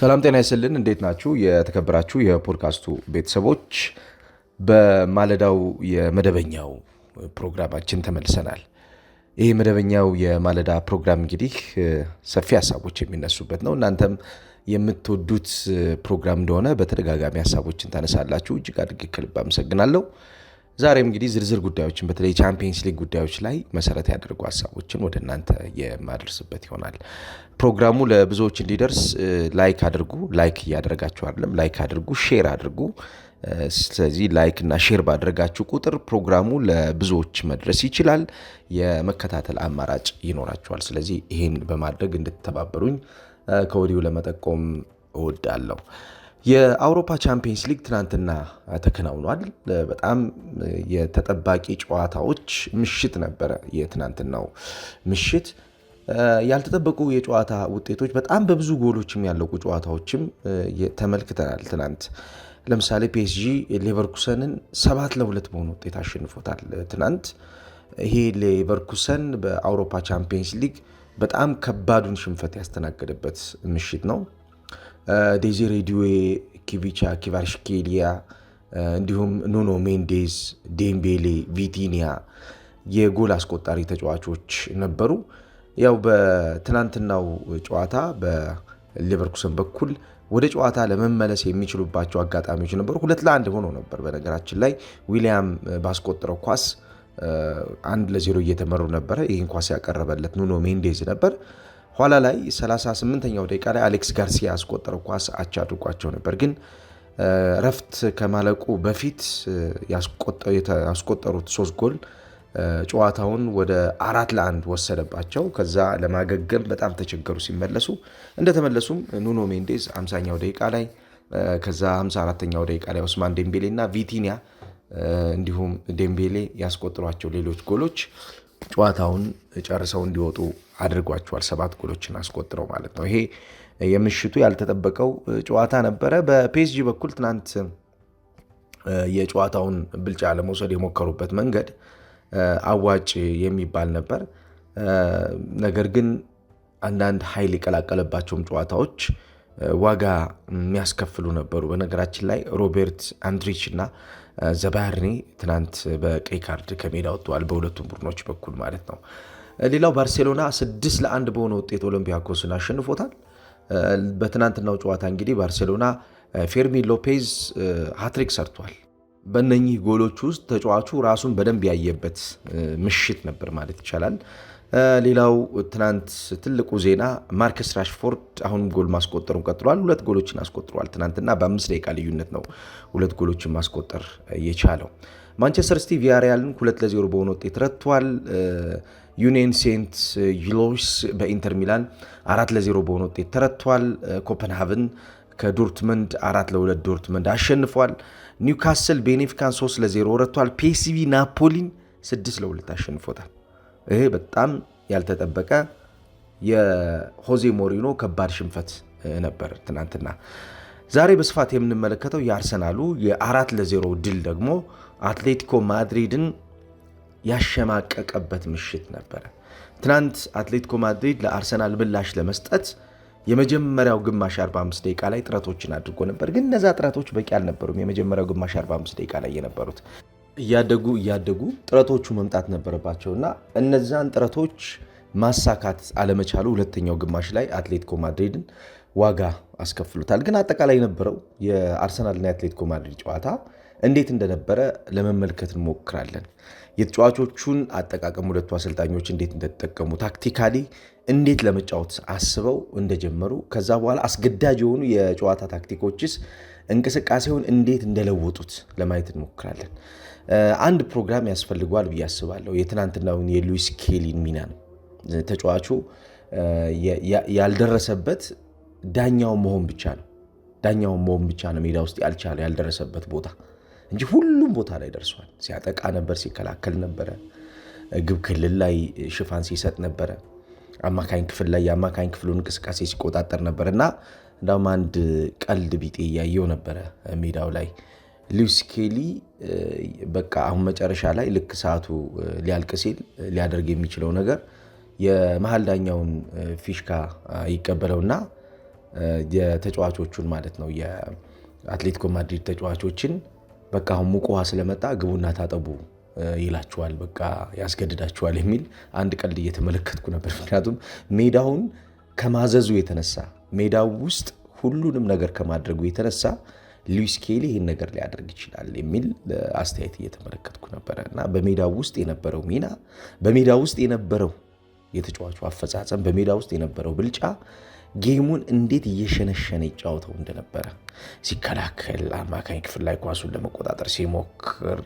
ሰላም ጤና ይስልን። እንዴት ናችሁ? የተከበራችሁ የፖድካስቱ ቤተሰቦች በማለዳው የመደበኛው ፕሮግራማችን ተመልሰናል። ይህ መደበኛው የማለዳ ፕሮግራም እንግዲህ ሰፊ ሀሳቦች የሚነሱበት ነው። እናንተም የምትወዱት ፕሮግራም እንደሆነ በተደጋጋሚ ሀሳቦችን ታነሳላችሁ። እጅግ አድርጌ ከልብ አመሰግናለሁ። ዛሬም እንግዲህ ዝርዝር ጉዳዮችን በተለይ ቻምፒየንስ ሊግ ጉዳዮች ላይ መሰረት ያደርጉ ሀሳቦችን ወደ እናንተ የማደርስበት ይሆናል። ፕሮግራሙ ለብዙዎች እንዲደርስ ላይክ አድርጉ። ላይክ እያደረጋችሁ አይደለም፣ ላይክ አድርጉ፣ ሼር አድርጉ። ስለዚህ ላይክ እና ሼር ባደረጋችሁ ቁጥር ፕሮግራሙ ለብዙዎች መድረስ ይችላል፣ የመከታተል አማራጭ ይኖራችኋል። ስለዚህ ይህን በማድረግ እንድትተባበሩኝ ከወዲሁ ለመጠቆም እወዳለሁ። የአውሮፓ ቻምፒየንስ ሊግ ትናንትና ተከናውኗል። በጣም የተጠባቂ ጨዋታዎች ምሽት ነበረ የትናንትናው ምሽት ያልተጠበቁ የጨዋታ ውጤቶች በጣም በብዙ ጎሎችም ያለቁ ጨዋታዎችም ተመልክተናል። ትናንት ለምሳሌ ፒኤስጂ ሌቨርኩሰንን ሰባት ለሁለት በሆኑ ውጤት አሸንፎታል። ትናንት ይሄ ሌቨርኩሰን በአውሮፓ ቻምፒየንስ ሊግ በጣም ከባዱን ሽንፈት ያስተናገደበት ምሽት ነው። ዴዚሬ ዱዌ፣ ኪቪቻ፣ ኪቫርሽኬሊያ እንዲሁም ኑኖ ሜንዴዝ፣ ዴምቤሌ፣ ቪቲኒያ የጎል አስቆጣሪ ተጫዋቾች ነበሩ። ያው በትናንትናው ጨዋታ በሌቨርኩሰን በኩል ወደ ጨዋታ ለመመለስ የሚችሉባቸው አጋጣሚዎች ነበሩ። ሁለት ለአንድ ሆኖ ነበር። በነገራችን ላይ ዊሊያም ባስቆጠረው ኳስ አንድ ለዜሮ እየተመሩ ነበረ። ይህን ኳስ ያቀረበለት ኑኖ ሜንዴዝ ነበር። ኋላ ላይ 38ኛው ደቂቃ ላይ አሌክስ ጋርሲያ ያስቆጠረው ኳስ አቻ አድርጓቸው ነበር። ግን ረፍት ከማለቁ በፊት ያስቆጠሩት ሶስት ጎል ጨዋታውን ወደ አራት ለአንድ ወሰደባቸው። ከዛ ለማገገም በጣም ተቸገሩ ሲመለሱ። እንደተመለሱም ኑኖ ሜንዴዝ አምሳኛው ደቂቃ ላይ ከዛ 54 አራተኛው ደቂቃ ላይ ኦስማን ዴምቤሌ እና ቪቲኒያ እንዲሁም ዴምቤሌ ያስቆጥሯቸው ሌሎች ጎሎች ጨዋታውን ጨርሰው እንዲወጡ አድርጓቸዋል። ሰባት ጎሎችን አስቆጥረው ማለት ነው። ይሄ የምሽቱ ያልተጠበቀው ጨዋታ ነበረ። በፒኤስጂ በኩል ትናንት የጨዋታውን ብልጫ ለመውሰድ የሞከሩበት መንገድ አዋጭ የሚባል ነበር። ነገር ግን አንዳንድ ኃይል የቀላቀለባቸውም ጨዋታዎች ዋጋ የሚያስከፍሉ ነበሩ። በነገራችን ላይ ሮቤርት አንድሪች እና ዘባርኒ ትናንት በቀይ ካርድ ከሜዳ ወጥተዋል፣ በሁለቱም ቡድኖች በኩል ማለት ነው። ሌላው ባርሴሎና ስድስት ለአንድ በሆነ ውጤት ኦሎምፒያኮስን አሸንፎታል። በትናንትናው ጨዋታ እንግዲህ ባርሴሎና ፌርሚን ሎፔዝ ሀትሪክ ሰርቷል። በእነኚህ ጎሎች ውስጥ ተጫዋቹ ራሱን በደንብ ያየበት ምሽት ነበር ማለት ይቻላል። ሌላው ትናንት ትልቁ ዜና ማርከስ ራሽፎርድ አሁንም ጎል ማስቆጠሩን ቀጥሏል። ሁለት ጎሎችን አስቆጥሯል። ትናንትና በአምስት ደቂቃ ልዩነት ነው ሁለት ጎሎችን ማስቆጠር የቻለው። ማንቸስተር ሲቲ ቪያሪያልን ሁለት ለዜሮ በሆነ ውጤት ረትቷል። ዩኒየን ሴንት ጂሎስ በኢንተር ሚላን አራት ለዜሮ በሆነ ውጤት ተረትቷል። ኮፐንሃቨን ከዶርትመንድ አራት ለሁለት ዶርትመንድ አሸንፏል። ኒውካስል ቤኔፊካን 3 ለ0 ረቷል። ፒኤስቪ ናፖሊን 6 ለ2 አሸንፎታል። ይሄ በጣም ያልተጠበቀ የሆዜ ሞሪኖ ከባድ ሽንፈት ነበር ትናንትና። ዛሬ በስፋት የምንመለከተው የአርሰናሉ የአራት ለዜሮ ድል ደግሞ አትሌቲኮ ማድሪድን ያሸማቀቀበት ምሽት ነበረ። ትናንት አትሌቲኮ ማድሪድ ለአርሰናል ምላሽ ለመስጠት የመጀመሪያው ግማሽ 45 ደቂቃ ላይ ጥረቶችን አድርጎ ነበር፣ ግን እነዛ ጥረቶች በቂ አልነበሩም። የመጀመሪያው ግማሽ 45 ደቂቃ ላይ የነበሩት እያደጉ እያደጉ ጥረቶቹ መምጣት ነበረባቸው እና እነዛን ጥረቶች ማሳካት አለመቻሉ ሁለተኛው ግማሽ ላይ አትሌቲኮ ማድሪድን ዋጋ አስከፍሎታል። ግን አጠቃላይ የነበረው የአርሰናልና የአትሌቲኮ ማድሪድ ጨዋታ እንዴት እንደነበረ ለመመልከት እንሞክራለን። የተጫዋቾቹን አጠቃቀም ሁለቱ አሰልጣኞች እንዴት እንደተጠቀሙ ታክቲካሊ እንዴት ለመጫወት አስበው እንደጀመሩ ከዛ በኋላ አስገዳጅ የሆኑ የጨዋታ ታክቲኮችስ እንቅስቃሴውን እንዴት እንደለወጡት ለማየት እንሞክራለን። አንድ ፕሮግራም ያስፈልገዋል ብዬ አስባለሁ። የትናንትናውን የሉዊስ ኬሊን ሚና ነው። ተጫዋቹ ያልደረሰበት ዳኛው መሆን ብቻ ነው ዳኛውን መሆን ብቻ ነው ሜዳ ውስጥ ያልቻለ ያልደረሰበት ቦታ እንጂ ሁሉም ቦታ ላይ ደርሷል። ሲያጠቃ ነበር፣ ሲከላከል ነበረ፣ ግብ ክልል ላይ ሽፋን ሲሰጥ ነበረ፣ አማካኝ ክፍል ላይ የአማካኝ ክፍሉን እንቅስቃሴ ሲቆጣጠር ነበር እና እንዳውም አንድ ቀልድ ቢጤ እያየው ነበረ ሜዳው ላይ ሉዊስ ስኬሊ በቃ አሁን መጨረሻ ላይ ልክ ሰዓቱ ሊያልቅ ሲል ሊያደርግ የሚችለው ነገር የመሀል ዳኛውን ፊሽካ ይቀበለውና የተጫዋቾቹን ማለት ነው የአትሌቲኮ ማድሪድ ተጫዋቾችን በቃ አሁን ሙቅ ውሃ ስለመጣ ግቡና ታጠቡ ይላችኋል፣ በቃ ያስገድዳችኋል የሚል አንድ ቀልድ እየተመለከትኩ ነበር። ምክንያቱም ሜዳውን ከማዘዙ የተነሳ ሜዳው ውስጥ ሁሉንም ነገር ከማድረጉ የተነሳ ሉዊስ ኬሊ ይህን ነገር ሊያደርግ ይችላል የሚል አስተያየት እየተመለከትኩ ነበረ እና በሜዳ ውስጥ የነበረው ሚና፣ በሜዳ ውስጥ የነበረው የተጫዋቹ አፈጻጸም፣ በሜዳ ውስጥ የነበረው ብልጫ ጌሙን እንዴት እየሸነሸነ ይጫወተው እንደነበረ ሲከላከል፣ አማካኝ ክፍል ላይ ኳሱን ለመቆጣጠር ሲሞክር፣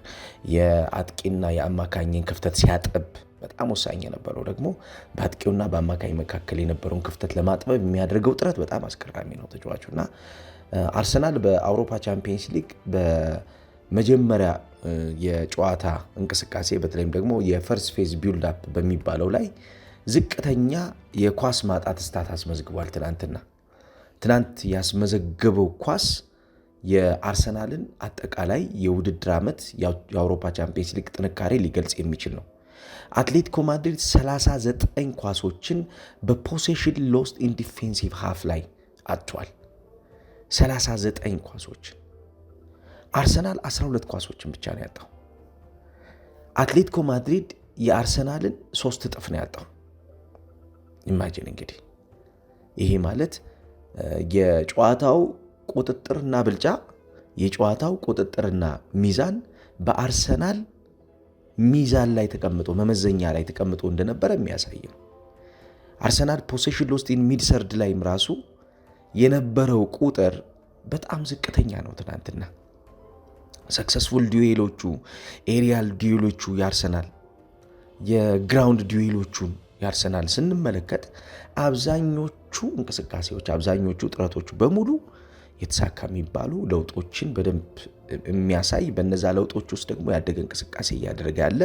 የአጥቂና የአማካኝን ክፍተት ሲያጠብ በጣም ወሳኝ የነበረው ደግሞ በአጥቂውና በአማካኝ መካከል የነበረውን ክፍተት ለማጥበብ የሚያደርገው ጥረት በጣም አስገራሚ ነው እና አርሰናል በአውሮፓ ቻምፒየንስ ሊግ በመጀመሪያ የጨዋታ እንቅስቃሴ በተለይም ደግሞ የፈርስ ፌዝ ቢልድ አፕ በሚባለው ላይ ዝቅተኛ የኳስ ማጣት ስታት አስመዝግቧል። ትናንትና ትናንት ያስመዘገበው ኳስ የአርሰናልን አጠቃላይ የውድድር ዓመት የአውሮፓ ቻምፒየንስ ሊግ ጥንካሬ ሊገልጽ የሚችል ነው። አትሌቲኮ ማድሪድ 39 ኳሶችን በፖሴሽን ሎስት ኢን ዲፌንሲቭ ሃፍ ላይ አጥቷል። 39 ኳሶች አርሰናል 12 ኳሶችን ብቻ ነው ያጣው። አትሌቲኮ ማድሪድ የአርሰናልን ሶስት እጥፍ ነው ያጣው። ኢማጂን እንግዲህ ይሄ ማለት የጨዋታው ቁጥጥርና ብልጫ የጨዋታው ቁጥጥርና ሚዛን በአርሰናል ሚዛን ላይ ተቀምጦ መመዘኛ ላይ ተቀምጦ እንደነበረ የሚያሳይ ነው። አርሰናል ፖሴሽን ሎስቲን ሚድሰርድ ላይም ራሱ የነበረው ቁጥር በጣም ዝቅተኛ ነው። ትናንትና ሰክሰስፉል ዲዌሎቹ ኤሪያል ዲዌሎቹ የአርሰናል የግራውንድ ዲዌሎቹን የአርሰናል ስንመለከት አብዛኞቹ እንቅስቃሴዎች አብዛኞቹ ጥረቶች በሙሉ የተሳካ የሚባሉ ለውጦችን በደንብ የሚያሳይ በነዛ ለውጦች ውስጥ ደግሞ ያደገ እንቅስቃሴ እያደረገ ያለ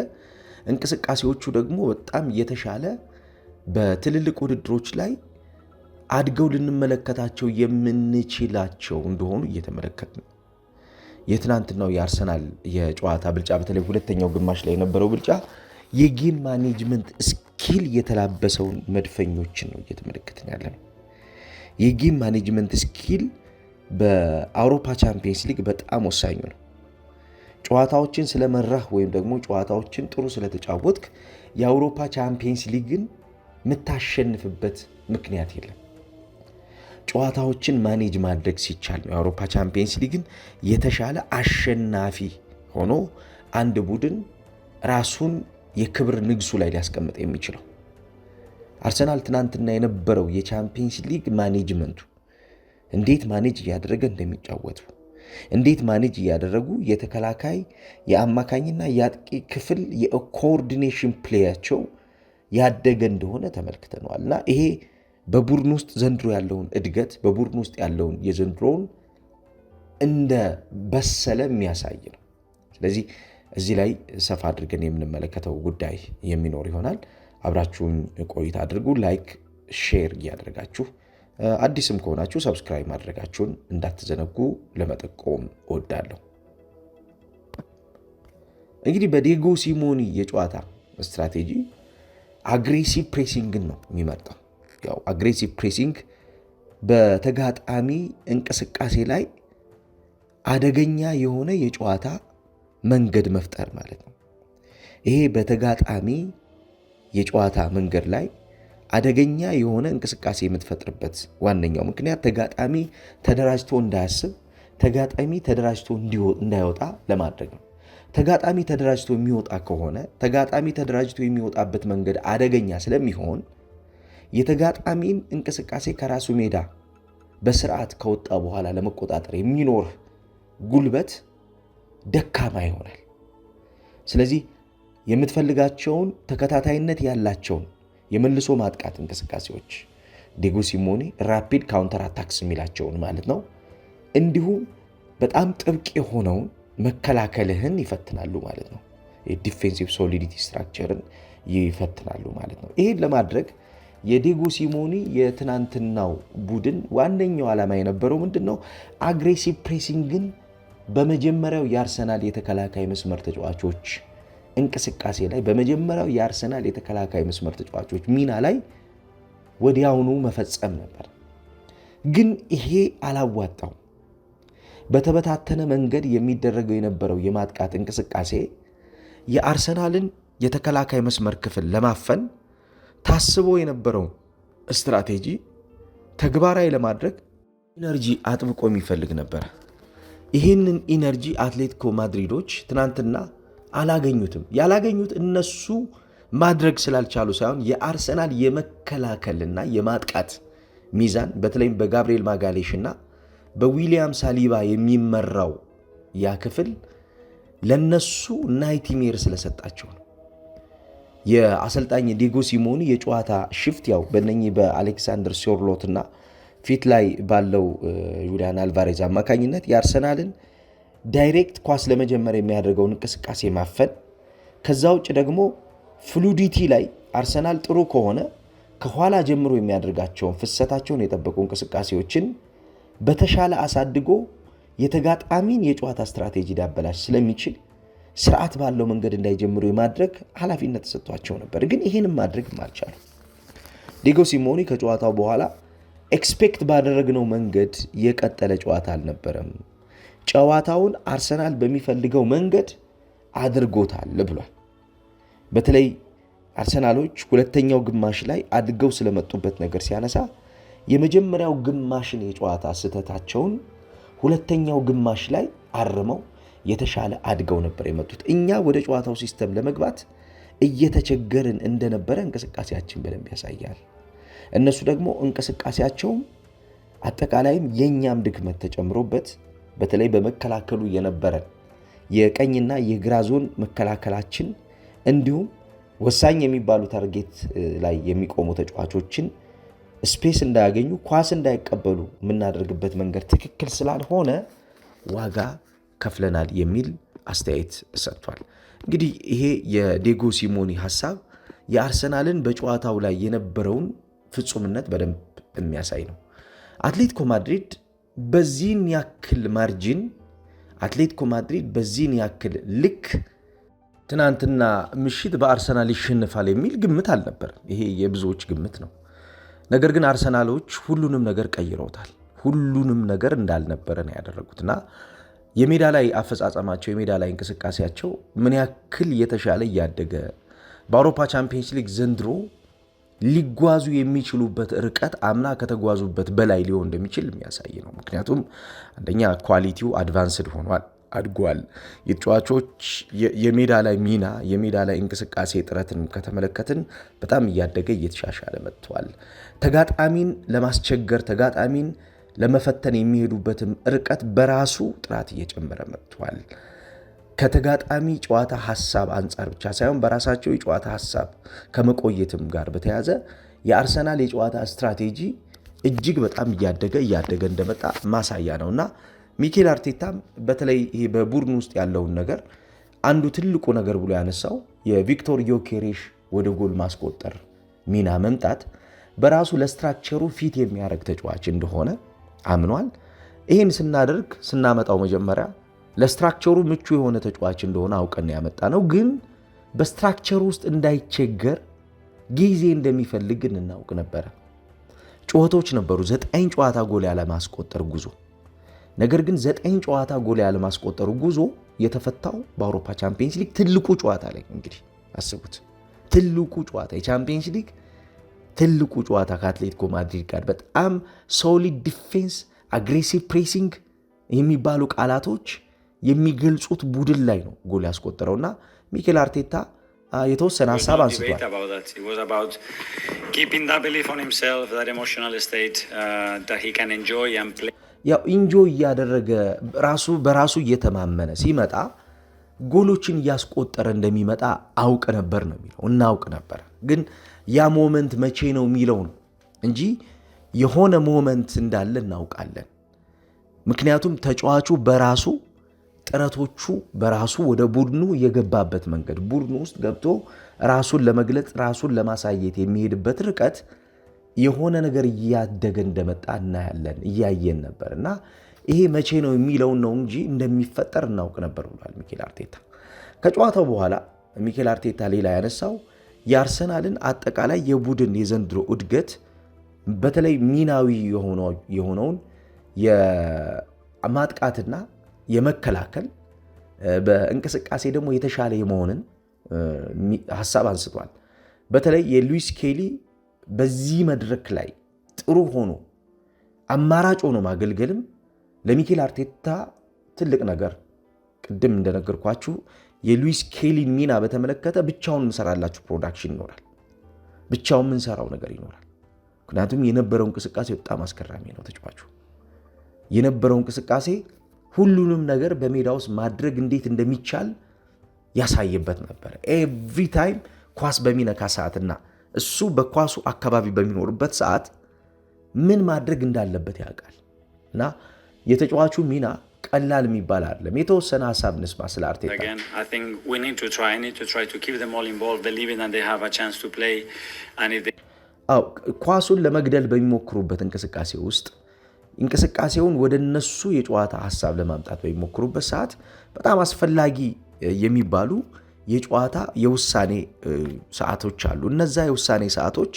እንቅስቃሴዎቹ ደግሞ በጣም የተሻለ በትልልቅ ውድድሮች ላይ አድገው ልንመለከታቸው የምንችላቸው እንደሆኑ እየተመለከት ነው። የትናንትናው የአርሰናል የጨዋታ ብልጫ በተለይ ሁለተኛው ግማሽ ላይ የነበረው ብልጫ የጌም ማኔጅመንት ስኪል የተላበሰውን መድፈኞችን ነው እየተመለከትን ያለ ነው። የጌም ማኔጅመንት ስኪል በአውሮፓ ቻምፒየንስ ሊግ በጣም ወሳኙ ነው። ጨዋታዎችን ስለመራህ ወይም ደግሞ ጨዋታዎችን ጥሩ ስለተጫወትክ የአውሮፓ ቻምፒየንስ ሊግን የምታሸንፍበት ምክንያት የለም። ጨዋታዎችን ማኔጅ ማድረግ ሲቻል ነው የአውሮፓ ቻምፒየንስ ሊግን የተሻለ አሸናፊ ሆኖ አንድ ቡድን ራሱን የክብር ንግሱ ላይ ሊያስቀምጥ የሚችለው። አርሰናል ትናንትና የነበረው የቻምፒየንስ ሊግ ማኔጅመንቱ እንዴት ማኔጅ እያደረገ እንደሚጫወቱ እንዴት ማኔጅ እያደረጉ የተከላካይ የአማካኝና የአጥቂ ክፍል የኮኦርዲኔሽን ፕሌያቸው ያደገ እንደሆነ ተመልክተነዋል እና ይሄ በቡድን ውስጥ ዘንድሮ ያለውን እድገት በቡድን ውስጥ ያለውን የዘንድሮውን እንደ በሰለ የሚያሳይ ነው። ስለዚህ እዚህ ላይ ሰፋ አድርገን የምንመለከተው ጉዳይ የሚኖር ይሆናል። አብራችሁን ቆይታ አድርጉ። ላይክ ሼር እያደረጋችሁ አዲስም ከሆናችሁ ሰብስክራይብ ማድረጋችሁን እንዳትዘነጉ ለመጠቆም እወዳለሁ። እንግዲህ በዲዬጎ ሲሞኒ የጨዋታ ስትራቴጂ አግሬሲቭ ፕሬሲንግን ነው የሚመርጠው። ያው አግሬሲቭ ፕሬሲንግ በተጋጣሚ እንቅስቃሴ ላይ አደገኛ የሆነ የጨዋታ መንገድ መፍጠር ማለት ነው። ይሄ በተጋጣሚ የጨዋታ መንገድ ላይ አደገኛ የሆነ እንቅስቃሴ የምትፈጥርበት ዋነኛው ምክንያት ተጋጣሚ ተደራጅቶ እንዳያስብ፣ ተጋጣሚ ተደራጅቶ እንዳይወጣ ለማድረግ ነው። ተጋጣሚ ተደራጅቶ የሚወጣ ከሆነ ተጋጣሚ ተደራጅቶ የሚወጣበት መንገድ አደገኛ ስለሚሆን የተጋጣሚን እንቅስቃሴ ከራሱ ሜዳ በስርዓት ከወጣ በኋላ ለመቆጣጠር የሚኖር ጉልበት ደካማ ይሆናል። ስለዚህ የምትፈልጋቸውን ተከታታይነት ያላቸውን የመልሶ ማጥቃት እንቅስቃሴዎች ዲጉ ሲሞኔ ራፒድ ካውንተር አታክስ የሚላቸውን ማለት ነው። እንዲሁም በጣም ጥብቅ የሆነውን መከላከልህን ይፈትናሉ ማለት ነው። የዲፌንሲቭ ሶሊዲቲ ስትራክቸርን ይፈትናሉ ማለት ነው። ይህን ለማድረግ የዲጉ ሲሞኒ የትናንትናው ቡድን ዋነኛው ዓላማ የነበረው ምንድን ነው? አግሬሲቭ ፕሬሲንግን በመጀመሪያው የአርሰናል የተከላካይ መስመር ተጫዋቾች እንቅስቃሴ ላይ በመጀመሪያው የአርሰናል የተከላካይ መስመር ተጫዋቾች ሚና ላይ ወዲያውኑ መፈጸም ነበር። ግን ይሄ አላዋጣው። በተበታተነ መንገድ የሚደረገው የነበረው የማጥቃት እንቅስቃሴ የአርሰናልን የተከላካይ መስመር ክፍል ለማፈን ታስቦ የነበረው ስትራቴጂ ተግባራዊ ለማድረግ ኢነርጂ አጥብቆ የሚፈልግ ነበር። ይህንን ኢነርጂ አትሌቲኮ ማድሪዶች ትናንትና አላገኙትም። ያላገኙት እነሱ ማድረግ ስላልቻሉ ሳይሆን የአርሰናል የመከላከልና የማጥቃት ሚዛን በተለይም በጋብርኤል ማጋሌሽ በዊሊያም ሳሊባ የሚመራው ያ ክፍል ለነሱ ናይትሜር ስለሰጣቸው ነው። የአሰልጣኝ ዲጎ ሲሞኒ የጨዋታ ሽፍት ያው በነኚህ በአሌክሳንደር ሲርሎትና ፊት ላይ ባለው ጁሊያን አልቫሬዝ አማካኝነት የአርሰናልን ዳይሬክት ኳስ ለመጀመር የሚያደርገውን እንቅስቃሴ ማፈን፣ ከዛ ውጭ ደግሞ ፍሉዲቲ ላይ አርሰናል ጥሩ ከሆነ ከኋላ ጀምሮ የሚያደርጋቸውን ፍሰታቸውን የጠበቁ እንቅስቃሴዎችን በተሻለ አሳድጎ የተጋጣሚን የጨዋታ ስትራቴጂ ዳበላሽ ስለሚችል ስርዓት ባለው መንገድ እንዳይጀምሩ የማድረግ ኃላፊነት ተሰጥቷቸው ነበር። ግን ይህንም ማድረግ ማልቻለ ዲጎ ሲሞኒ ከጨዋታው በኋላ ኤክስፔክት ባደረግነው መንገድ የቀጠለ ጨዋታ አልነበረም። ጨዋታውን አርሰናል በሚፈልገው መንገድ አድርጎታል ብሏል። በተለይ አርሰናሎች ሁለተኛው ግማሽ ላይ አድገው ስለመጡበት ነገር ሲያነሳ የመጀመሪያው ግማሽን የጨዋታ ስህተታቸውን ሁለተኛው ግማሽ ላይ አርመው የተሻለ አድገው ነበር የመጡት። እኛ ወደ ጨዋታው ሲስተም ለመግባት እየተቸገርን እንደነበረ እንቅስቃሴያችን በደንብ ያሳያል። እነሱ ደግሞ እንቅስቃሴያቸውም አጠቃላይም የእኛም ድክመት ተጨምሮበት በተለይ በመከላከሉ የነበረን የቀኝና የግራ ዞን መከላከላችን እንዲሁም ወሳኝ የሚባሉ ታርጌት ላይ የሚቆሙ ተጫዋቾችን ስፔስ እንዳያገኙ ኳስ እንዳይቀበሉ የምናደርግበት መንገድ ትክክል ስላልሆነ ዋጋ ከፍለናል የሚል አስተያየት ሰጥቷል። እንግዲህ ይሄ የዴጎ ሲሞኒ ሀሳብ የአርሰናልን በጨዋታው ላይ የነበረውን ፍጹምነት በደንብ የሚያሳይ ነው። አትሌቲኮ ማድሪድ በዚህን ያክል ማርጂን አትሌቲኮ ማድሪድ በዚህን ያክል ልክ ትናንትና ምሽት በአርሰናል ይሸንፋል የሚል ግምት አልነበር። ይሄ የብዙዎች ግምት ነው። ነገር ግን አርሰናሎች ሁሉንም ነገር ቀይረውታል። ሁሉንም ነገር እንዳልነበረ ነው ያደረጉት እና የሜዳ ላይ አፈጻጸማቸው የሜዳ ላይ እንቅስቃሴያቸው ምን ያክል የተሻለ እያደገ በአውሮፓ ቻምፒየንስ ሊግ ዘንድሮ ሊጓዙ የሚችሉበት ርቀት አምና ከተጓዙበት በላይ ሊሆን እንደሚችል የሚያሳይ ነው። ምክንያቱም አንደኛ ኳሊቲው አድቫንስድ ሆኗል፣ አድጓል። የተጫዋቾች የሜዳ ላይ ሚና፣ የሜዳ ላይ እንቅስቃሴ ጥረትን ከተመለከትን በጣም እያደገ እየተሻሻለ መጥቷል። ተጋጣሚን ለማስቸገር ተጋጣሚን ለመፈተን የሚሄዱበትም ርቀት በራሱ ጥራት እየጨመረ መጥቷል። ከተጋጣሚ ጨዋታ ሀሳብ አንጻር ብቻ ሳይሆን በራሳቸው የጨዋታ ሀሳብ ከመቆየትም ጋር በተያዘ የአርሰናል የጨዋታ ስትራቴጂ እጅግ በጣም እያደገ እያደገ እንደመጣ ማሳያ ነው እና ሚኬል አርቴታም በተለይ ይሄ በቡድን ውስጥ ያለውን ነገር አንዱ ትልቁ ነገር ብሎ ያነሳው የቪክቶር ዮኬሬሽ ወደ ጎል ማስቆጠር ሚና መምጣት በራሱ ለስትራክቸሩ ፊት የሚያደርግ ተጫዋች እንደሆነ አምኗል። ይህን ስናደርግ ስናመጣው መጀመሪያ ለስትራክቸሩ ምቹ የሆነ ተጫዋች እንደሆነ አውቀን ያመጣ ነው። ግን በስትራክቸሩ ውስጥ እንዳይቸገር ጊዜ እንደሚፈልግ እናውቅ ነበረ። ጨዋታዎች ነበሩ። ዘጠኝ ጨዋታ ጎል ያለማስቆጠር ጉዞ ነገር ግን ዘጠኝ ጨዋታ ጎል ያለማስቆጠሩ ጉዞ የተፈታው በአውሮፓ ቻምፒየንስ ሊግ ትልቁ ጨዋታ ላይ እንግዲህ አስቡት። ትልቁ ጨዋታ የቻምፒየንስ ሊግ ትልቁ ጨዋታ ከአትሌቲኮ ማድሪድ ጋር በጣም ሶሊድ ዲፌንስ፣ አግሬሲቭ ፕሬሲንግ የሚባሉ ቃላቶች የሚገልጹት ቡድን ላይ ነው ጎል ያስቆጠረውና ሚኬል አርቴታ የተወሰነ ሀሳብ አንስቷል። uh, ያው ኢንጆይ እያደረገ ራሱ በራሱ እየተማመነ ሲመጣ ጎሎችን እያስቆጠረ እንደሚመጣ አውቅ ነበር ነው የሚለው። እናውቅ ነበር ግን ያ ሞመንት መቼ ነው የሚለው ነው እንጂ የሆነ ሞመንት እንዳለ እናውቃለን። ምክንያቱም ተጫዋቹ በራሱ ጥረቶቹ በራሱ ወደ ቡድኑ የገባበት መንገድ ቡድኑ ውስጥ ገብቶ ራሱን ለመግለጽ ራሱን ለማሳየት የሚሄድበት ርቀት የሆነ ነገር እያደገ እንደመጣ እናያለን፣ እያየን ነበር እና ይሄ መቼ ነው የሚለውን ነው እንጂ እንደሚፈጠር እናውቅ ነበር ብሏል ሚኬል አርቴታ። ከጨዋታው በኋላ ሚኬል አርቴታ ሌላ ያነሳው የአርሰናልን አጠቃላይ የቡድን የዘንድሮ እድገት በተለይ ሚናዊ የሆነውን የማጥቃትና የመከላከል በእንቅስቃሴ ደግሞ የተሻለ የመሆንን ሀሳብ አንስቷል። በተለይ የሉዊስ ኬሊ በዚህ መድረክ ላይ ጥሩ ሆኖ አማራጭ ሆኖ ማገልገልም ለሚኬል አርቴታ ትልቅ ነገር። ቅድም እንደነገርኳችሁ የሉዊስ ኬሊን ሚና በተመለከተ ብቻውን የምሰራላችሁ ፕሮዳክሽን ይኖራል፣ ብቻውን የምንሰራው ነገር ይኖራል። ምክንያቱም የነበረው እንቅስቃሴ በጣም አስገራሚ ነው። ተጫዋቹ የነበረው እንቅስቃሴ ሁሉንም ነገር በሜዳ ውስጥ ማድረግ እንዴት እንደሚቻል ያሳይበት ነበር። ኤቭሪ ታይም ኳስ በሚነካ ሰዓትና እሱ በኳሱ አካባቢ በሚኖርበት ሰዓት ምን ማድረግ እንዳለበት ያውቃል። እና የተጫዋቹ ሚና ቀላል የሚባል አይደለም። የተወሰነ ሀሳብ ንስማ ስለ አርቴታ። ኳሱን ለመግደል በሚሞክሩበት እንቅስቃሴ ውስጥ እንቅስቃሴውን ወደ እነሱ የጨዋታ ሀሳብ ለማምጣት በሚሞክሩበት ሰዓት በጣም አስፈላጊ የሚባሉ የጨዋታ የውሳኔ ሰዓቶች አሉ። እነዛ የውሳኔ ሰዓቶች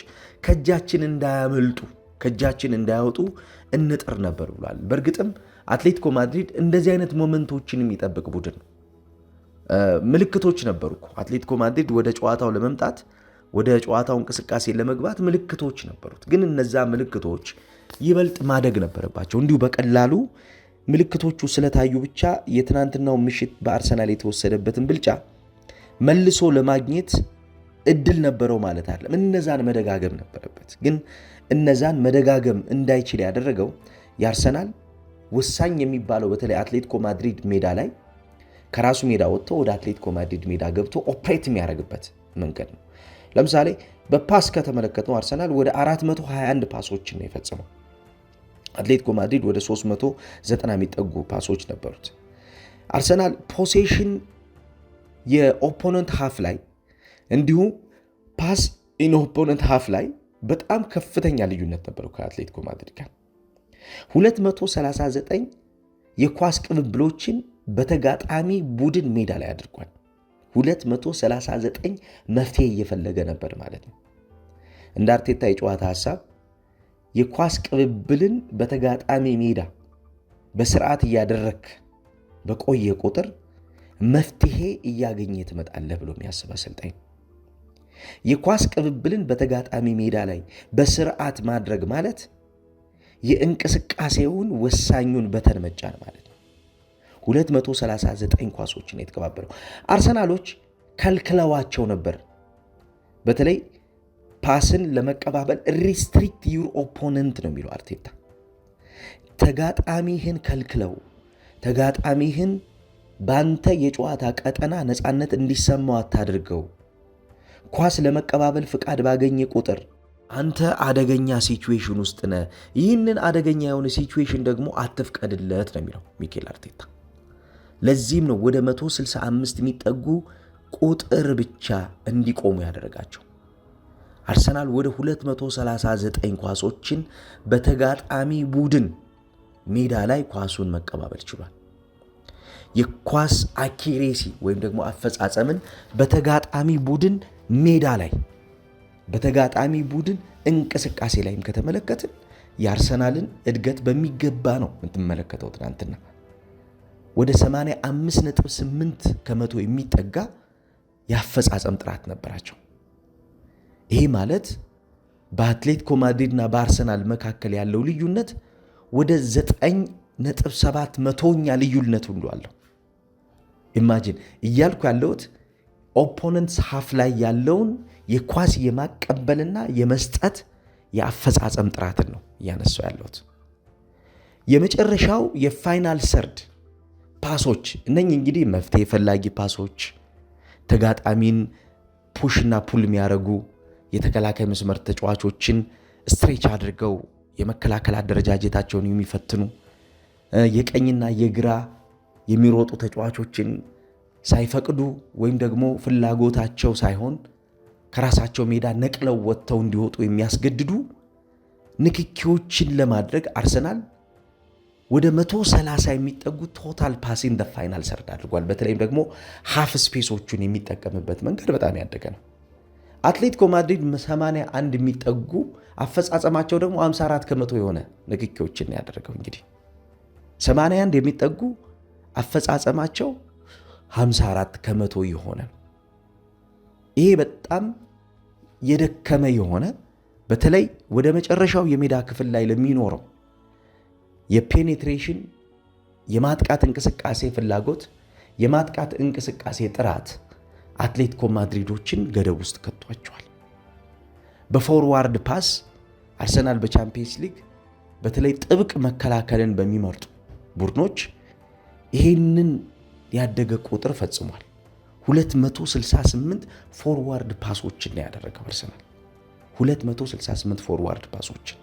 ከእጃችን እንዳያመልጡ ከእጃችን እንዳያወጡ እንጥር ነበር ብሏል። በእርግጥም አትሌቲኮ ማድሪድ እንደዚህ አይነት ሞመንቶችን የሚጠብቅ ቡድን ምልክቶች ነበሩ አትሌቲኮ ማድሪድ ወደ ጨዋታው ለመምጣት ወደ ጨዋታው እንቅስቃሴ ለመግባት ምልክቶች ነበሩት። ግን እነዛ ምልክቶች ይበልጥ ማደግ ነበረባቸው። እንዲሁ በቀላሉ ምልክቶቹ ስለታዩ ብቻ የትናንትናው ምሽት በአርሰናል የተወሰደበትን ብልጫ መልሶ ለማግኘት እድል ነበረው ማለት አለም። እነዛን መደጋገም ነበረበት። ግን እነዛን መደጋገም እንዳይችል ያደረገው የአርሰናል ወሳኝ የሚባለው በተለይ አትሌቲኮ ማድሪድ ሜዳ ላይ ከራሱ ሜዳ ወጥቶ ወደ አትሌቲኮ ማድሪድ ሜዳ ገብቶ ኦፕሬት የሚያደርግበት መንገድ ነው። ለምሳሌ በፓስ ከተመለከትነው አርሰናል ወደ 421 ፓሶችን ነው የፈጸመው። አትሌቲኮ ማድሪድ ወደ 390 የሚጠጉ ፓሶች ነበሩት። አርሰናል ፖሴሽን የኦፖነንት ሀፍ ላይ እንዲሁም ፓስ ኢን ኦፖነንት ሀፍ ላይ በጣም ከፍተኛ ልዩነት ነበረው ከአትሌቲኮ ማድሪድ ጋር 239 የኳስ ቅብብሎችን በተጋጣሚ ቡድን ሜዳ ላይ አድርጓል። 239 መፍትሄ እየፈለገ ነበር ማለት ነው። እንደ አርቴታ የጨዋታ ሀሳብ የኳስ ቅብብልን በተጋጣሚ ሜዳ በስርዓት እያደረክ በቆየ ቁጥር መፍትሄ እያገኘ ትመጣለህ ብሎ የሚያስብ አሰልጣኝ የኳስ ቅብብልን በተጋጣሚ ሜዳ ላይ በስርዓት ማድረግ ማለት የእንቅስቃሴውን ወሳኙን በተን መጫን ማለት ነው። 239 ኳሶችን የተቀባበለው አርሰናሎች ከልክለዋቸው ነበር። በተለይ ፓስን ለመቀባበል ሪስትሪክት ዩር ኦፖነንት ነው የሚለው አርቴታ። ተጋጣሚህን ከልክለው፣ ተጋጣሚህን ባንተ የጨዋታ ቀጠና ነፃነት እንዲሰማው አታድርገው። ኳስ ለመቀባበል ፍቃድ ባገኘ ቁጥር አንተ አደገኛ ሲቹዌሽን ውስጥ ነ ይህንን አደገኛ የሆነ ሲቹዌሽን ደግሞ አትፍቀድለት ነው የሚለው ሚኬል አርቴታ። ለዚህም ነው ወደ 165 የሚጠጉ ቁጥር ብቻ እንዲቆሙ ያደረጋቸው። አርሰናል ወደ 239 ኳሶችን በተጋጣሚ ቡድን ሜዳ ላይ ኳሱን መቀባበል ችሏል። የኳስ አኪሬሲ ወይም ደግሞ አፈጻጸምን በተጋጣሚ ቡድን ሜዳ ላይ በተጋጣሚ ቡድን እንቅስቃሴ ላይም ከተመለከትን የአርሰናልን እድገት በሚገባ ነው የምትመለከተው። ትናንትና ወደ 85.8 ከመቶ የሚጠጋ የአፈጻጸም ጥራት ነበራቸው። ይሄ ማለት በአትሌቲኮ ማድሪድና በአርሰናል መካከል ያለው ልዩነት ወደ 9.7 መቶኛ ልዩነት ሁሉ አለው። ኢማጂን እያልኩ ያለሁት ኦፖነንትስ ሀፍ ላይ ያለውን የኳስ የማቀበልና የመስጠት የአፈጻጸም ጥራትን ነው እያነሳው ያለሁት። የመጨረሻው የፋይናል ሰርድ ፓሶች እነኝህ እንግዲህ መፍትሄ ፈላጊ ፓሶች፣ ተጋጣሚን ፑሽ ና ፑል የሚያደርጉ የተከላካይ መስመር ተጫዋቾችን ስትሬች አድርገው የመከላከል አደረጃጀታቸውን የሚፈትኑ የቀኝና የግራ የሚሮጡ ተጫዋቾችን ሳይፈቅዱ ወይም ደግሞ ፍላጎታቸው ሳይሆን ከራሳቸው ሜዳ ነቅለው ወጥተው እንዲወጡ የሚያስገድዱ ንክኪዎችን ለማድረግ አርሰናል ወደ 130 የሚጠጉ ቶታል ፓሲን ደ ፋይናል ሰርድ አድርጓል። በተለይም ደግሞ ሀፍ ስፔሶቹን የሚጠቀምበት መንገድ በጣም ያደገ ነው። አትሌቲኮ ማድሪድ 81 የሚጠጉ አፈጻጸማቸው ደግሞ 54 ከመቶ የሆነ ንክኪዎችን ያደረገው እንግዲህ 81 የሚጠጉ አፈጻጸማቸው 54 ከመቶ የሆነ ይሄ በጣም የደከመ የሆነ በተለይ ወደ መጨረሻው የሜዳ ክፍል ላይ ለሚኖረው የፔኔትሬሽን የማጥቃት እንቅስቃሴ ፍላጎት፣ የማጥቃት እንቅስቃሴ ጥራት አትሌቲኮ ማድሪዶችን ገደብ ውስጥ ከቷቸዋል። በፎርዋርድ ፓስ አርሰናል በቻምፒየንስ ሊግ በተለይ ጥብቅ መከላከልን በሚመርጡ ቡድኖች ይህንን ያደገ ቁጥር ፈጽሟል። 268 ፎርዋርድ ፓሶችን ነው ያደረገው አርሰናል። 268 ፎርዋርድ ፓሶችን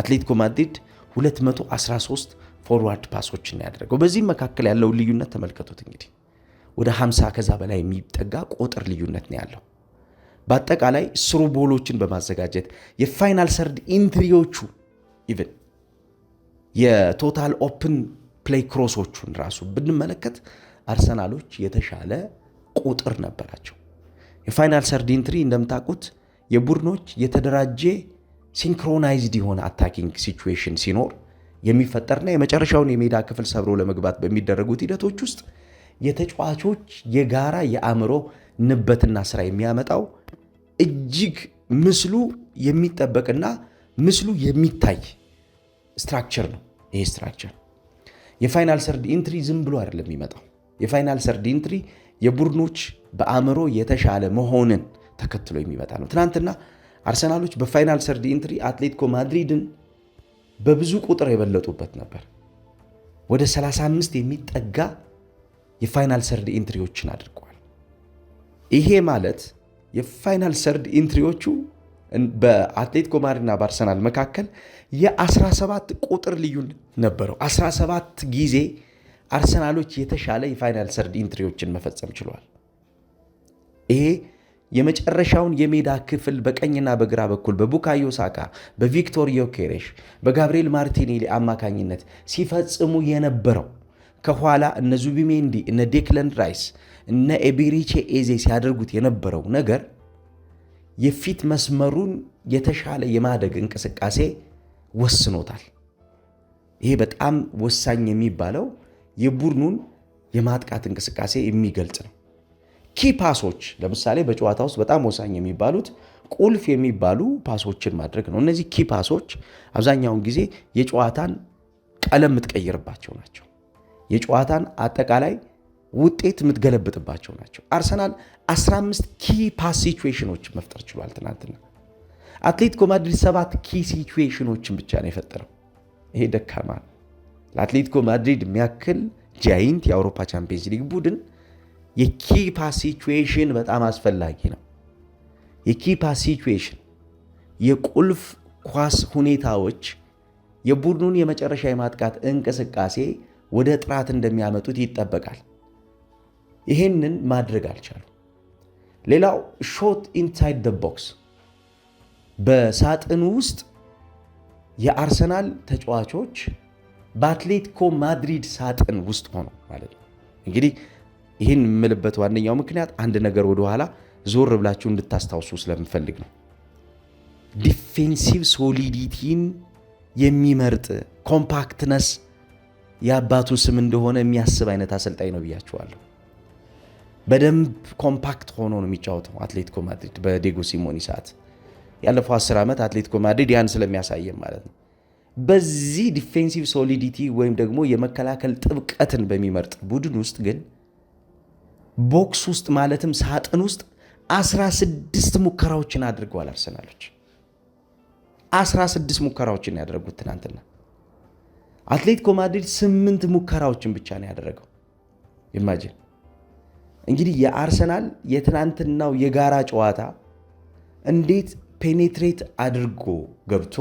አትሌቲኮ ማድሪድ 213 ፎርዋርድ ፓሶችን ያደረገው። በዚህም መካከል ያለውን ልዩነት ተመልከቱት እንግዲህ ወደ 50 ከዛ በላይ የሚጠጋ ቁጥር ልዩነት ነው ያለው። በአጠቃላይ ስሩ ቦሎችን በማዘጋጀት የፋይናል ሰርድ ኢንትሪዎቹ ኢቭን የቶታል ኦፕን ፕሌይ ክሮሶቹን ራሱ ብንመለከት አርሰናሎች የተሻለ ቁጥር ነበራቸው። የፋይናል ሰርድ ኢንትሪ እንደምታውቁት የቡድኖች የተደራጀ ሲንክሮናይዝድ የሆነ አታኪንግ ሲቹዌሽን ሲኖር የሚፈጠርና የመጨረሻውን የሜዳ ክፍል ሰብሮ ለመግባት በሚደረጉት ሂደቶች ውስጥ የተጫዋቾች የጋራ የአእምሮ ንበትና ስራ የሚያመጣው እጅግ ምስሉ የሚጠበቅና ምስሉ የሚታይ ስትራክቸር ነው። ይሄ ስትራክቸር የፋይናል ሰርድ ኢንትሪ ዝም ብሎ አይደለም የሚመጣው። የፋይናል ሰርድ ኢንትሪ የቡድኖች በአእምሮ የተሻለ መሆንን ተከትሎ የሚመጣ ነው። ትናንትና አርሰናሎች በፋይናል ሰርድ ኢንትሪ አትሌቲኮ ማድሪድን በብዙ ቁጥር የበለጡበት ነበር። ወደ 35 የሚጠጋ የፋይናል ሰርድ ኢንትሪዎችን አድርጓል። ይሄ ማለት የፋይናል ሰርድ ኢንትሪዎቹ በአትሌቲኮ ማድሪድና በአርሰናል መካከል የ17 ቁጥር ልዩነት ነበረው። 17 ጊዜ አርሰናሎች የተሻለ የፋይናል ሰርድ ኢንትሪዎችን መፈጸም ችሏል። ይሄ የመጨረሻውን የሜዳ ክፍል በቀኝና በግራ በኩል በቡካዮ ሳካ፣ በቪክቶር ዮኬሬሽ፣ በጋብሪኤል ማርቲኔሊ አማካኝነት ሲፈጽሙ የነበረው ከኋላ እነ ዙቢሜንዲ እነ ዴክለንድ ራይስ እነ ኤቤሪቼ ኤዜ ሲያደርጉት የነበረው ነገር የፊት መስመሩን የተሻለ የማደግ እንቅስቃሴ ወስኖታል። ይሄ በጣም ወሳኝ የሚባለው የቡድኑን የማጥቃት እንቅስቃሴ የሚገልጽ ነው። ኪ ፓሶች ለምሳሌ በጨዋታ ውስጥ በጣም ወሳኝ የሚባሉት ቁልፍ የሚባሉ ፓሶችን ማድረግ ነው። እነዚህ ኪ ፓሶች አብዛኛውን ጊዜ የጨዋታን ቀለም የምትቀይርባቸው ናቸው። የጨዋታን አጠቃላይ ውጤት የምትገለብጥባቸው ናቸው። አርሰናል 15 ኪ ፓስ ሲቹዌሽኖች መፍጠር ችሏል ትናንትና። አትሌቲኮ ማድሪድ ሰባት ኪ ሲቹዌሽኖችን ብቻ ነው የፈጠረው። ይሄ ደካማ ለአትሌቲኮ ማድሪድ የሚያክል ጃይንት የአውሮፓ ቻምፒየንስ ሊግ ቡድን የኪ ፓስ ሲቹዌሽን በጣም አስፈላጊ ነው። የኪ ፓስ ሲቹዌሽን የቁልፍ ኳስ ሁኔታዎች የቡድኑን የመጨረሻ የማጥቃት እንቅስቃሴ ወደ ጥራት እንደሚያመጡት ይጠበቃል። ይህንን ማድረግ አልቻሉ። ሌላው ሾት ኢንሳይድ ደ ቦክስ በሳጥን ውስጥ የአርሰናል ተጫዋቾች በአትሌቲኮ ማድሪድ ሳጥን ውስጥ ሆኖ ማለት ነው። እንግዲህ ይህን የምልበት ዋነኛው ምክንያት አንድ ነገር ወደኋላ ዞር ብላችሁ እንድታስታውሱ ስለምፈልግ ነው። ዲፌንሲቭ ሶሊዲቲን የሚመርጥ ኮምፓክትነስ የአባቱ ስም እንደሆነ የሚያስብ አይነት አሰልጣኝ ነው ብያቸዋለሁ። በደንብ ኮምፓክት ሆኖ ነው የሚጫወተው አትሌቲኮ ማድሪድ በዴጎ ሲሞኒ ሰዓት። ያለፈው 10 ዓመት አትሌቲኮ ማድሪድ ያን ስለሚያሳየም ማለት ነው። በዚህ ዲፌንሲቭ ሶሊዲቲ ወይም ደግሞ የመከላከል ጥብቀትን በሚመርጥ ቡድን ውስጥ ግን ቦክስ ውስጥ ማለትም ሳጥን ውስጥ 16 ሙከራዎችን አድርገዋል አርሰናሎች። 16 ሙከራዎችን ያደረጉት ትናንትና አትሌቲኮ ማድሪድ ስምንት ሙከራዎችን ብቻ ነው ያደረገው። ኢማጂን እንግዲህ የአርሰናል የትናንትናው የጋራ ጨዋታ እንዴት ፔኔትሬት አድርጎ ገብቶ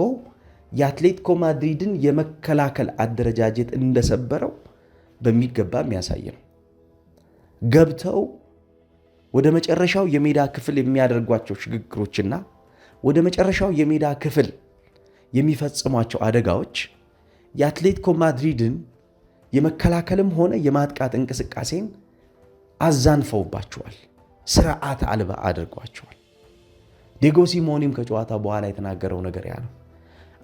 የአትሌቲኮ ማድሪድን የመከላከል አደረጃጀት እንደሰበረው በሚገባ የሚያሳይ ነው። ገብተው ወደ መጨረሻው የሜዳ ክፍል የሚያደርጓቸው ሽግግሮችና ወደ መጨረሻው የሜዳ ክፍል የሚፈጽሟቸው አደጋዎች የአትሌቲኮ ማድሪድን የመከላከልም ሆነ የማጥቃት እንቅስቃሴን አዛንፈውባቸዋል፣ ስርዓት አልባ አድርጓቸዋል። ዴጎ ሲሞኒም ከጨዋታ በኋላ የተናገረው ነገር ያ ነው።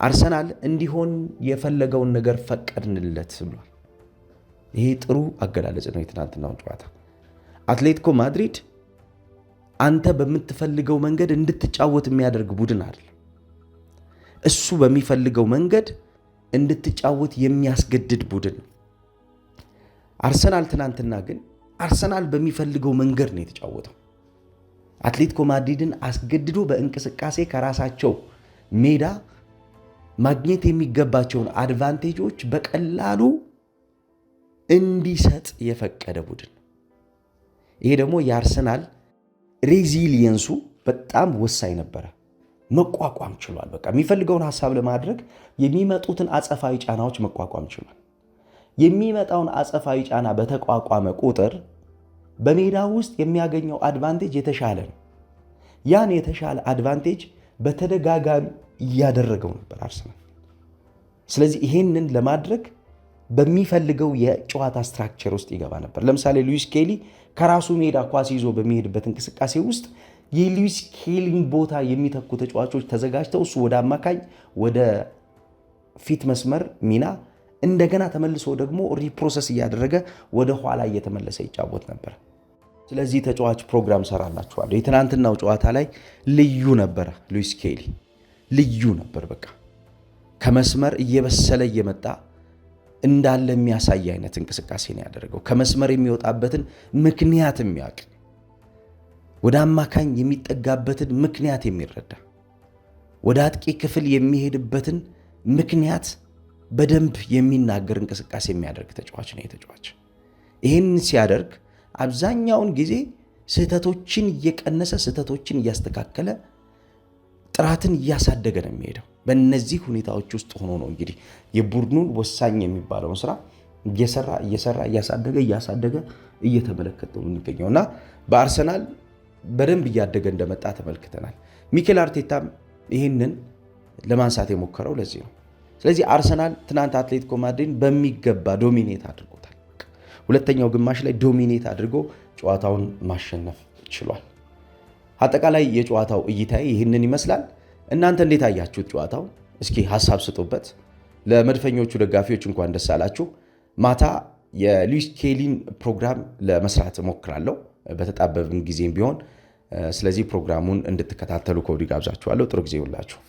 አርሰናል እንዲሆን የፈለገውን ነገር ፈቀድንለት ብሏል። ይሄ ጥሩ አገላለጽ ነው። የትናንትናውን ጨዋታ አትሌቲኮ ማድሪድ አንተ በምትፈልገው መንገድ እንድትጫወት የሚያደርግ ቡድን አይደለም። እሱ በሚፈልገው መንገድ እንድትጫወት የሚያስገድድ ቡድን አርሰናል ትናንትና ግን አርሰናል በሚፈልገው መንገድ ነው የተጫወተው። አትሌቲኮ ማድሪድን አስገድዶ በእንቅስቃሴ ከራሳቸው ሜዳ ማግኘት የሚገባቸውን አድቫንቴጆች በቀላሉ እንዲሰጥ የፈቀደ ቡድን ይሄ ደግሞ የአርሰናል ሬዚሊየንሱ በጣም ወሳኝ ነበረ። መቋቋም ችሏል። በቃ የሚፈልገውን ሀሳብ ለማድረግ የሚመጡትን አጸፋዊ ጫናዎች መቋቋም ችሏል። የሚመጣውን አጸፋዊ ጫና በተቋቋመ ቁጥር በሜዳ ውስጥ የሚያገኘው አድቫንቴጅ የተሻለ ነው። ያን የተሻለ አድቫንቴጅ በተደጋጋሚ እያደረገው ነበር አርሰናል። ስለዚህ ይሄንን ለማድረግ በሚፈልገው የጨዋታ ስትራክቸር ውስጥ ይገባ ነበር። ለምሳሌ ሉዊስ ኬሊ ከራሱ ሜዳ ኳስ ይዞ በሚሄድበት እንቅስቃሴ ውስጥ የሉዊስ ስኬሊንግ ቦታ የሚተኩ ተጫዋቾች ተዘጋጅተው እሱ ወደ አማካኝ ወደ ፊት መስመር ሚና እንደገና ተመልሶ ደግሞ ሪፕሮሰስ እያደረገ ወደ ኋላ እየተመለሰ ይጫወት ነበር። ስለዚህ ተጫዋች ፕሮግራም ሰራላችኋለሁ። የትናንትናው ጨዋታ ላይ ልዩ ነበረ። ሉዊስ ስኬሊ ልዩ ነበር። በቃ ከመስመር እየበሰለ እየመጣ እንዳለ የሚያሳይ አይነት እንቅስቃሴ ነው ያደረገው። ከመስመር የሚወጣበትን ምክንያት የሚያውቅ ወደ አማካኝ የሚጠጋበትን ምክንያት የሚረዳ ወደ አጥቂ ክፍል የሚሄድበትን ምክንያት በደንብ የሚናገር እንቅስቃሴ የሚያደርግ ተጫዋች ነው። የተጫዋች ይህን ሲያደርግ አብዛኛውን ጊዜ ስህተቶችን እየቀነሰ ስህተቶችን እያስተካከለ ጥራትን እያሳደገ ነው የሚሄደው። በእነዚህ ሁኔታዎች ውስጥ ሆኖ ነው እንግዲህ የቡድኑን ወሳኝ የሚባለውን ስራ እየሰራ እየሰራ እያሳደገ እያሳደገ እየተመለከተው ነው የምንገኘው እና በአርሰናል በደንብ እያደገ እንደመጣ ተመልክተናል። ሚኬል አርቴታም ይህንን ለማንሳት የሞከረው ለዚህ ነው። ስለዚህ አርሰናል ትናንት አትሌቲኮ ማድሪድን በሚገባ ዶሚኔት አድርጎታል። ሁለተኛው ግማሽ ላይ ዶሚኔት አድርጎ ጨዋታውን ማሸነፍ ችሏል። አጠቃላይ የጨዋታው እይታ ይህንን ይመስላል። እናንተ እንዴት አያችሁት? ጨዋታው እስኪ ሀሳብ ስጡበት። ለመድፈኞቹ ደጋፊዎች እንኳን ደስ አላችሁ። ማታ የሉዊስ ኬሊን ፕሮግራም ለመስራት እሞክራለሁ። በተጣበብም ጊዜም ቢሆን ስለዚህ ፕሮግራሙን እንድትከታተሉ ከወዲሁ ጋብዛችኋለሁ። ጥሩ ጊዜ ይሁንላችሁ።